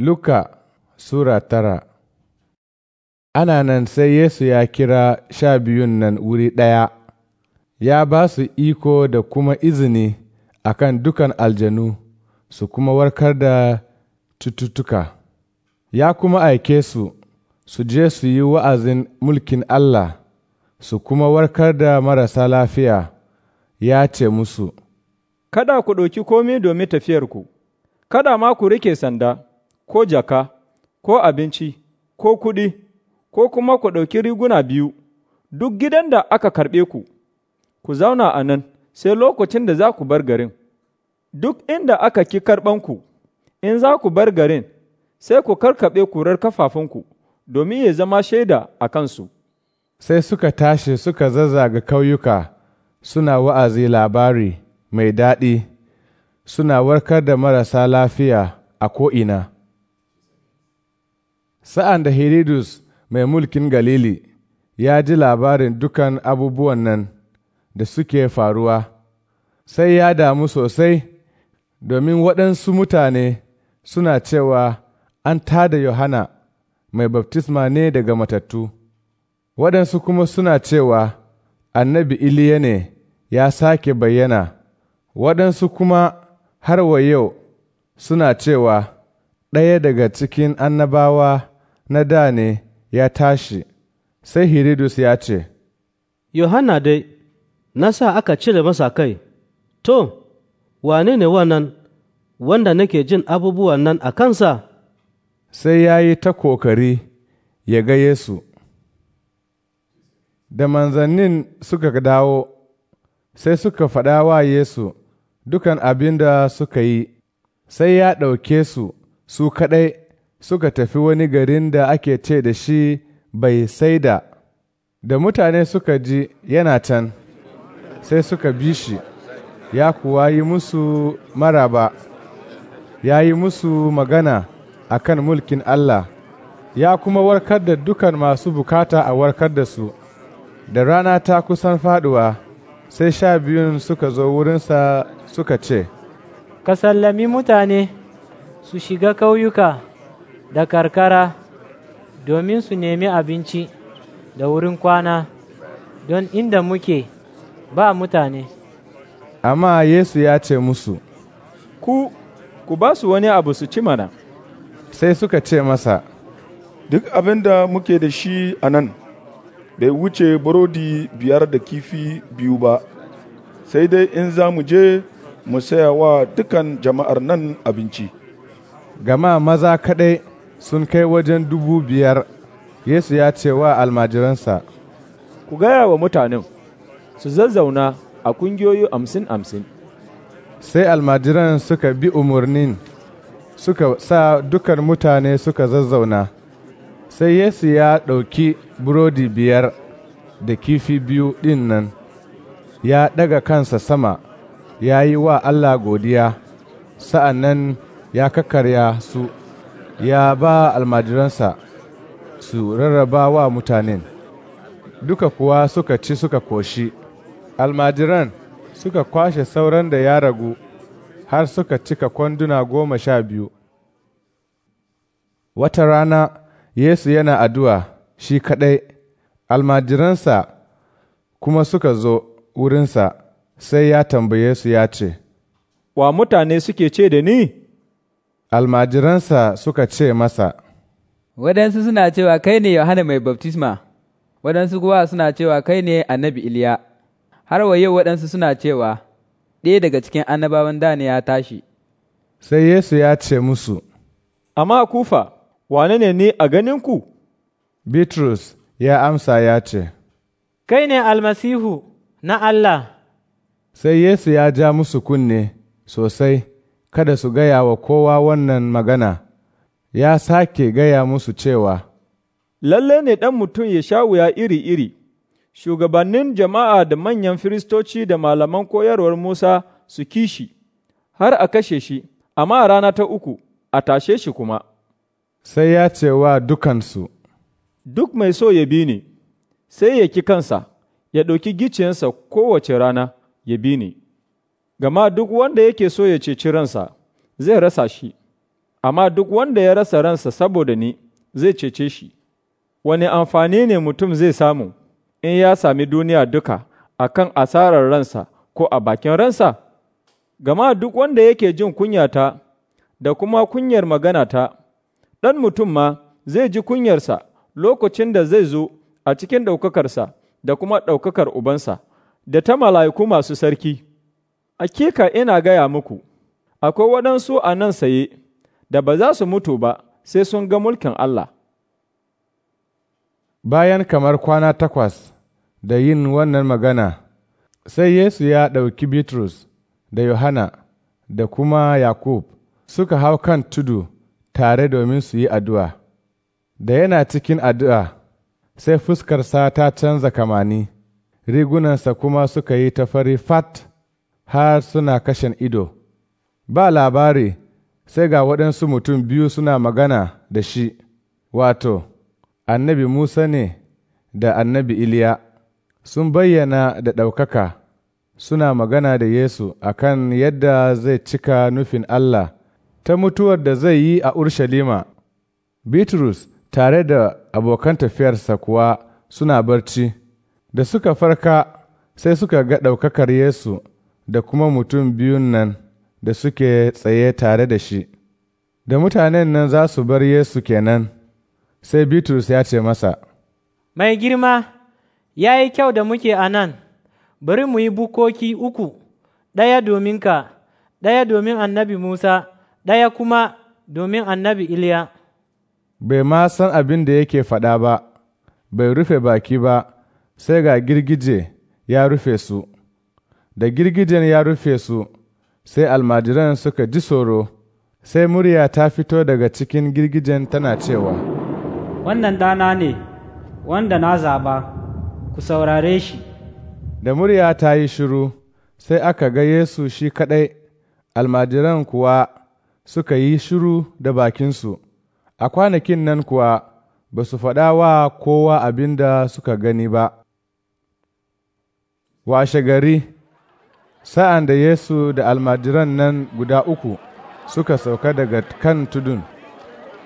Luka Sura tara Ana nan sai Yesu ya kira sha biyun nan wuri ɗaya, ya ba su iko da kuma izini a kan dukan aljanu su kuma warkar da cututtuka, ya kuma aike su su je su yi wa'azin mulkin Allah su kuma warkar da marasa lafiya, ya ce musu, Kada ku ɗauki komi domin tafiyarku, kada ma ku rike sanda. ko jaka, ko abinci, ko kuɗi, ko kuma ku ɗauki riguna biyu, duk gidan da aka karɓe ku, ku zauna a nan sai lokacin da za ku bar garin. Duk inda aka ki karɓanku, in za ku bar garin, sai ku karkaɓe kurar kafafunku, domin ya zama shaida a kansu. Sai suka tashi suka zazzaga kauyuka, suna wa'azi labari mai daɗi, suna warkar da marasa lafiya a ko'ina. Sa'an da Herodus mai mulkin Galili ya ji labarin dukan abubuwan nan da suke faruwa, sai ya damu sosai domin waɗansu mutane suna cewa an tada Yohana mai baftisma ne daga matattu, waɗansu kuma suna cewa annabi Iliya ne ya sake bayyana, waɗansu kuma har wa yau suna cewa ɗaya daga cikin annabawa na da ne ya tashi, sai Hiridus ya ce, Yohanna dai, na sa aka cire masa kai, to, wane ne wannan wanda nake jin abubuwan nan a kansa? Sai ya yi ta kokari ya ga Yesu. Da manzannin suka dawo, sai suka faɗa wa Yesu dukan abin da suka yi, sai ya ɗauke su su kaɗai suka tafi wani garin da ake ce da shi bai saida, da mutane suka ji yana can, sai suka bi shi, ya kuwa yi musu maraba, ya yi musu magana a kan mulkin Allah, ya kuma warkar da dukan masu bukata a warkar da su, da rana ta kusan faduwa, sai sha biyun suka zo wurinsa suka ce, Ka sallami mutane su shiga ƙauyuka. da karkara domin su nemi abinci da wurin kwana don inda muke ba mutane. Amma Yesu ya ce musu, Ku, ku ba su wani abu su ci mana. Sai suka ce masa, Duk abin da muke da shi a nan, bai wuce burodi biyar da kifi biyu ba, sai dai in za mu je mu saya wa dukan jama'ar nan abinci. Gama maza kaɗai sun kai wajen dubu biyar Yesu ya ce wa almajiransa, Ku gaya wa mutanen su zazzauna a kungiyoyi amsin amsin. Sai almajiran suka bi umarnin suka sa dukan mutane suka zazzauna. Sai Yesu ya ɗauki burodi biyar da kifi biyu ɗin nan, ya ɗaga kansa sama, ya yi wa Allah godiya, sa'an nan ya kakarya su. ya ba almajiransa su rarraba wa mutanen duka kuwa suka ci suka koshi almajiran suka kwashe sauran da ya ragu har suka cika kwanduna goma sha biyu wata rana yesu yana addu'a shi kaɗai almajiransa kuma suka zo wurinsa sai ya tambaye su ya ce wa mutane suke ce da ni Almajiransa suka ce masa, Waɗansu suna cewa kai ne Yohana mai baftisma, waɗansu kuwa suna cewa kai ne annabi Iliya, har wa yau waɗansu suna cewa ɗaya daga cikin annabawan da ya tashi. Sai Yesu ya ce musu, Amma kufa, wane ne ni a ganinku? Bitrus ya amsa ya ce, Kai ne almasihu na Allah. Sai Yesu ya ja musu kunne sosai. kada su gaya wa kowa wannan magana, ya sake gaya musu cewa, Lalle ne ɗan mutum ya sha wuya iri-iri, shugabannin jama'a da manyan firistoci da malaman koyarwar Musa su kishi, har a kashe shi, amma a rana ta uku, a tashe shi kuma. Sai ya ce wa dukansu, Duk mai so ya bi ni, sai ya ki kansa, ya ɗauki giciyansa kowace rana ya bi ni. gama duk wanda yake so ya ceci ransa zai rasa shi, amma duk wanda ya rasa ransa saboda ni zai cece shi, wani amfani ne mutum zai samu in ya sami duniya duka a kan asarar ransa ko a bakin ransa? Gama duk wanda yake jin kunyata da kuma kunyar maganata, ɗan mutum ma zai ji kunyarsa lokacin da zai zo a cikin ɗaukakarsa da kuma ɗaukakar ubansa, da ta mala'iku masu sarki. Akika ina gaya muku, akwai waɗansu a nan saye da ba za su mutu ba sai sun ga mulkin Allah. Bayan kamar kwana takwas da yin wannan magana, sai Yesu ya ɗauki Bitrus da Yohana da kuma Yakub suka hau kan tudu tare domin su yi addu'a. Da yana cikin addu'a, sai fuskarsa ta canza kamani, rigunansa kuma suka yi ta fari fat. har suna kashen ido, ba labari sai ga waɗansu mutum biyu suna magana da shi, wato, annabi Musa ne da annabi Iliya, sun bayyana da ɗaukaka, suna magana da Yesu a kan yadda zai cika nufin Allah ta mutuwar da zai yi a Urshalima. Bitrus tare da abokan tafiyarsa kuwa suna barci, da suka farka sai suka ga ɗaukakar Yesu. da kuma mutum biyun nan da suke tsaye tare da shi, da mutanen nan za su bar Yesu kenan, sai Bitrus ya ce masa, Mai girma, ya yi kyau da muke a nan, bari mu yi bukoki uku, ɗaya domin ka, ɗaya domin annabi Musa, ɗaya kuma domin annabi Iliya. Bai ma san abin da yake faɗa ba, bai rufe baki ba, sai ga girgije ya rufe su. da girgijen ya rufe su, sai almajiran suka ji tsoro, sai murya ta fito daga cikin girgijen tana cewa, Wannan dana ne, wanda na zaba. ku saurare shi. Da murya ta yi shiru, sai aka ga Yesu shi kaɗai, almajiran kuwa suka yi shiru da bakinsu, a kwanakin nan kuwa ba su faɗa wa kowa abin da suka gani ba. Washe gari. Sa'an da Yesu da almajiran nan guda uku suka sauka daga kan tudun,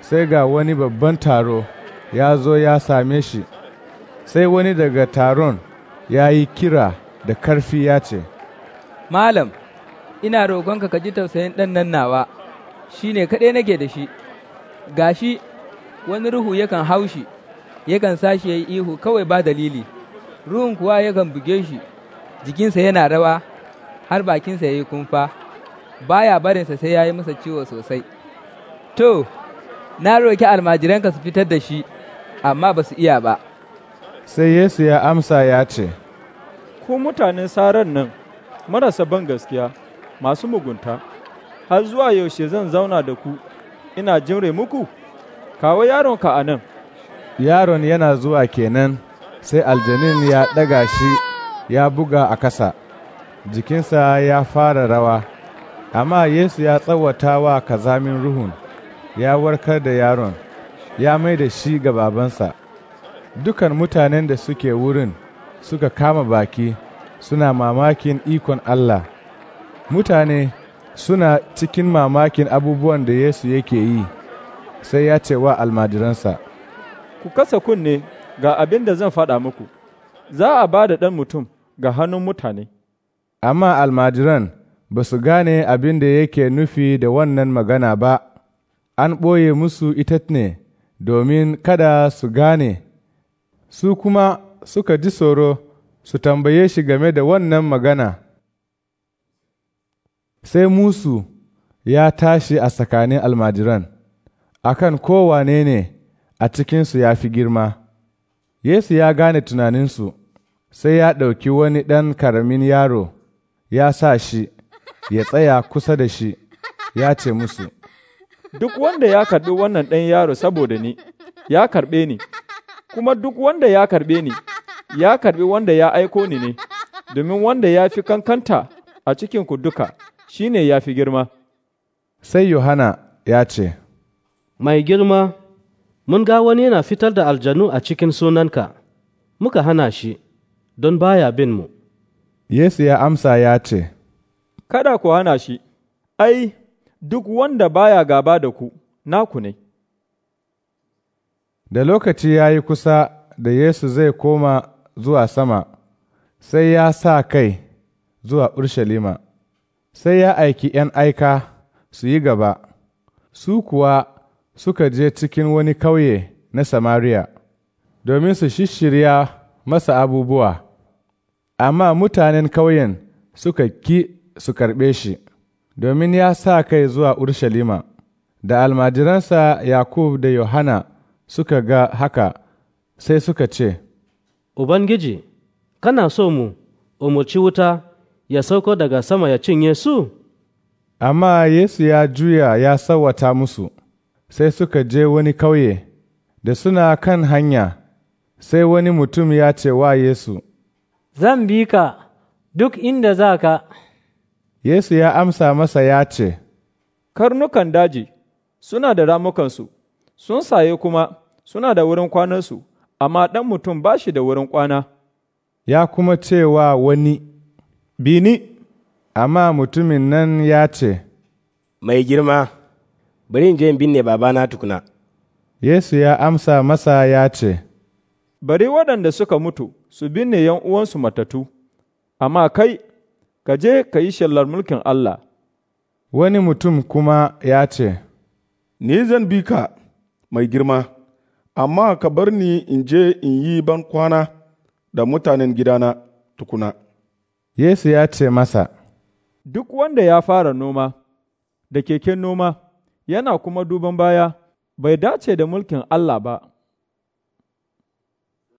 sai ga wani babban taro ya zo ya same shi, sai wani daga taron ya yi kira da karfi ya ce, Malam, ina roƙonka ka ji tausayin ɗan nan nawa, shi ne kaɗai nake da shi, ga shi wani ruhu yakan haushi, yakan sashi ya yi ihu kawai ba dalili, ruhun kuwa yakan buge shi, jikinsa yana rawa. har bakinsa ya yi kumfa, ba ya barinsa sai ya yi masa ciwo sosai. To, na roki almajiranka su fitar da shi, amma ba su iya ba. Sai Yesu ya amsa ya ce, Ku mutanen saran nan, marasa ban gaskiya, masu mugunta, har zuwa yaushe zan zauna da ku, ina jimre muku, kawo yaron ka a nan. Yaron yana zuwa kenan, sai aljanin ya ɗaga shi ya buga a kasa. jikinsa ya fara rawa, amma Yesu ya tsawata wa kazamin ruhun, ya warkar da yaron, ya mai da shi ga babansa. Dukan mutanen da suke wurin suka kama baki suna mamakin ikon Allah. Mutane suna cikin mamakin abubuwan da Yesu yake yi, sai ya ce wa almajiransa, Ku kasa kunne ga abin da zan faɗa muku, za a ba da ɗan mutum ga hannun mutane. amma almajiran ba su gane abin da yake nufi da wannan magana ba, an ɓoye musu ita ne domin kada su gane, su kuma suka ji tsoro su tambaye shi game da wannan magana. Sai musu ya tashi a tsakanin almajiran, akan kowane ne a cikinsu ya fi girma. Yesu ya gane tunaninsu, sai ya ɗauki wani ɗan karamin yaro. ya sa shi ya tsaya kusa da shi ya ce musu, Duk wanda ya karɓi wannan ɗan yaro saboda ni, ya karɓe ni, kuma duk wanda ya karɓe ni, ya karɓi wanda ya aiko ni ne, domin wanda ya fi kankanta a cikinku duka, shi ne ya fi girma. Sai Yohana ya ce, Mai girma, mun ga wani yana fitar da aljanu a cikin sunanka, muka hana shi, don baya bin mu. Yesu ya amsa ya ce, Kada ku hana shi, ai, duk wanda baya gaba da ku, naku ne. Da lokaci ya yi kusa da Yesu zai koma zuwa sama, sai ya sa kai zuwa Urshalima, sai ya aiki ’yan aika su yi gaba, su kuwa suka je cikin wani kauye na Samariya, domin su shishirya masa abubuwa. amma mutanen ƙauyen suka ki su karɓe shi, domin ya sa kai zuwa Urshalima, da almajiransa Yakub da Yohana suka ga haka sai suka ce, Ubangiji, kana so mu umarci wuta ya sauko daga sama ya cinye su? Amma Yesu ya juya ya sawata musu, sai suka je wani ƙauye, da suna kan hanya, sai wani mutum ya ce wa Yesu, zan bi ka duk inda za ka. Yesu ya amsa masa ya ce, Karnukan daji suna da ramukansu, sun saye kuma suna da wurin kwanansu, amma ɗan mutum ba shi da wurin kwana. Ya kuma cewa wani, Bini, amma mutumin nan ya ce, Mai girma, bari in je binne babana tukuna. Yesu ya amsa masa ya ce, Bari waɗanda suka mutu su binne ’yan uwansu matatu. amma kai, ka je ka yi shallar mulkin Allah. Wani mutum kuma ya ce, Ni zan bi ka, mai girma, amma ka bar ni in je in yi ban kwana da mutanen gidana tukuna. Yesu ya ce masa, Duk wanda ya fara noma, da keken noma, yana kuma duban baya, bai dace da mulkin Allah ba.